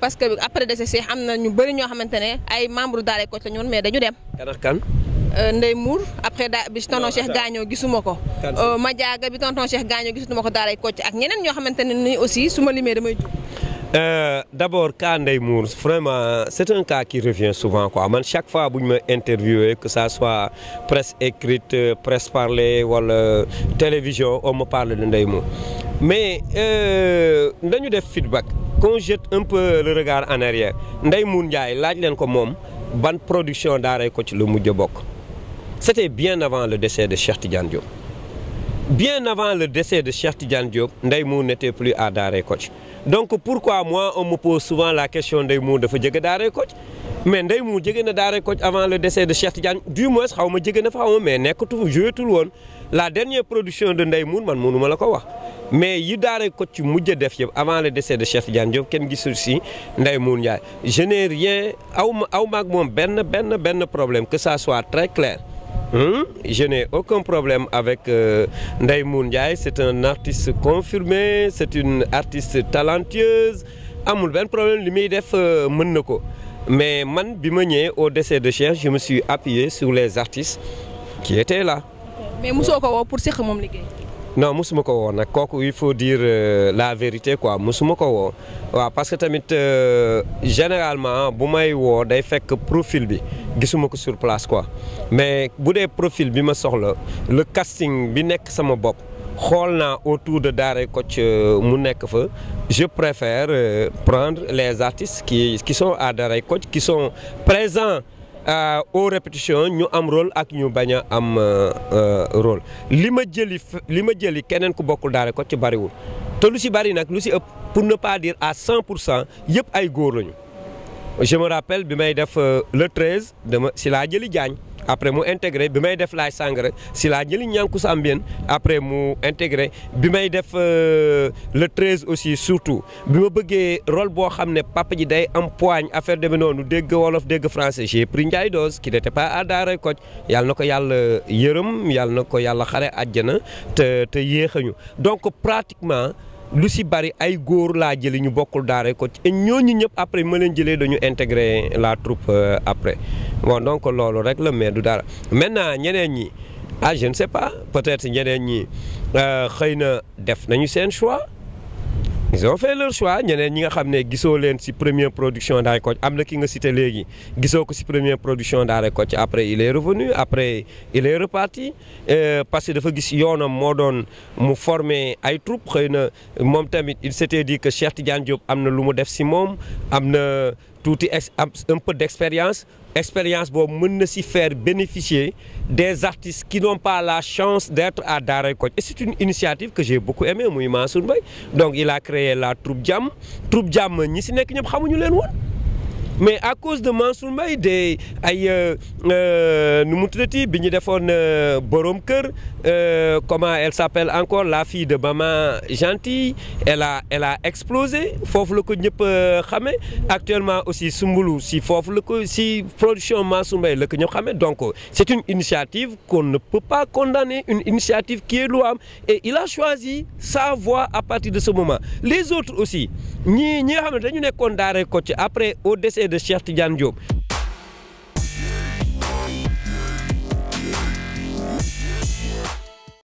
parce que après décès Cheikh am na ñu bëri ñoo xamante ne ay membre daara Kocc la ñoon mais dañu dem. kan ak kan. Euh, Ndey Mour après da bi tonton ah, Cheikh gaañoo gisuma ko. Euh, ma jaaga bi tonton Cheikh gaañoo gisuma ko daara Kocc ak ñeneen ñoo xamante ne aussi su ma limee damay jub. Euh, d'abord cas Ndey Mour vraiment c'est un cas qui revient souvent quoi man chaque fois bu ñu ma interviewé que ça soit presse écrite presse parlée wala télévision on me parle de Ndey Mour mais dañu def feedback qu'on jette un peu le regard en arrière Ndeye Moon Ndiaye laaj leen ko production daaray c'était bien avant le décès de Cheikh Tidiane bien avant le décès de Cheikh Tidiane Diop n'était plus à daaray donc pourquoi moi on me pose souvent la question de Moon de faire daaray mais Ndeye il a na daaray avant le décès de Cheikh Tidiane du moins je a jege na fa mais je mais tout le monde. la dernière production de Ndeye je man peux la ko dire mais yi y ko ci mujj def avant le décès de Cheikh Tidiane Diop kenn gisul si Ndaïmoun Mour je n'ai rien aucun, ma aw ben problème que ça soit très clair hmm? je n'ai aucun problème avec euh, c'est un artiste confirmé c'est une artiste talentueuse Il ben problème li def euh, mën na mais man au décès de Cheikh je me suis appuyé sur les artistes qui étaient là. mais musoko ko woo pour seq moom non je ne woo pas il faut dire euh, la vérité quoi ne suis pas parce que tamit euh, généralement bu may woo que que profil bi suis pas sur place quoi mais si le profil bi ma soxla le casting bi nekk sama bopp autour de Daaray Coach. Euh, mu je préfère prendre les artistes qui qui sont à Daaray Coach, qui sont présents euh, aux répétitions avons un rôle et nous avons un rôle Ce ma jëli li ma jëli keneen ku ko ci pour ne pas dire à 100 il cent ay je me rappelle euh, le 13 c'est si laa jëli après mu intégré bi may def la sangre, si la ñëli ñànku sa ambien après mu intégré bi may def euh, le 13 aussi surtout bima ma rôle bo xamné papa ji day am poigne affaire de nonu dégg wolof dégg français j'ai pris Ndiaye dos qui n'était pas à Daaray coach yàlla na ko yàlla yërëm yàlla na ko yàlla te te yéexañu donc pratiquement Lucy Barry bari ay góor la jëli ñu bokul daaré ko et après ma la troupe euh, après bon donc rek la du dara maintenant ñeneen ñi ah je ne sais pas peut-être ñeneen ñi euh xeyna def choix ils ont fait leur choix ont ñi nga choix. Ils ont fait ci première production Daaray Kocc am na ki nga cité première production Daaray après il est revenu après il est reparti euh, parce que dafa gis yoonam formé doon mu former ay il s'était dit que Cheikh Tidiane Diop Gandhi na fait mu def ci un peu d'expérience expérience pour faire bénéficier des artistes qui n'ont pas la chance d'être à Daré c'est une initiative que j'ai beaucoup aimée, donc il a créé la troupe la troupe Jam mais à cause de Mansour Mbaye de ay euh, euh, nous mu euh, borom comment elle s'appelle encore la fille de Maman Gentille elle a elle a explosé foofu ko ñep xamé actuellement aussi Sumbulu si la si production Mansour le ko donc c'est une initiative qu'on ne peut pas condamner une initiative qui est louable et il a choisi sa voie à partir de ce moment les autres aussi ñi ñi xamné dañu ko après au décès et de Cheikh Tidiane Diop.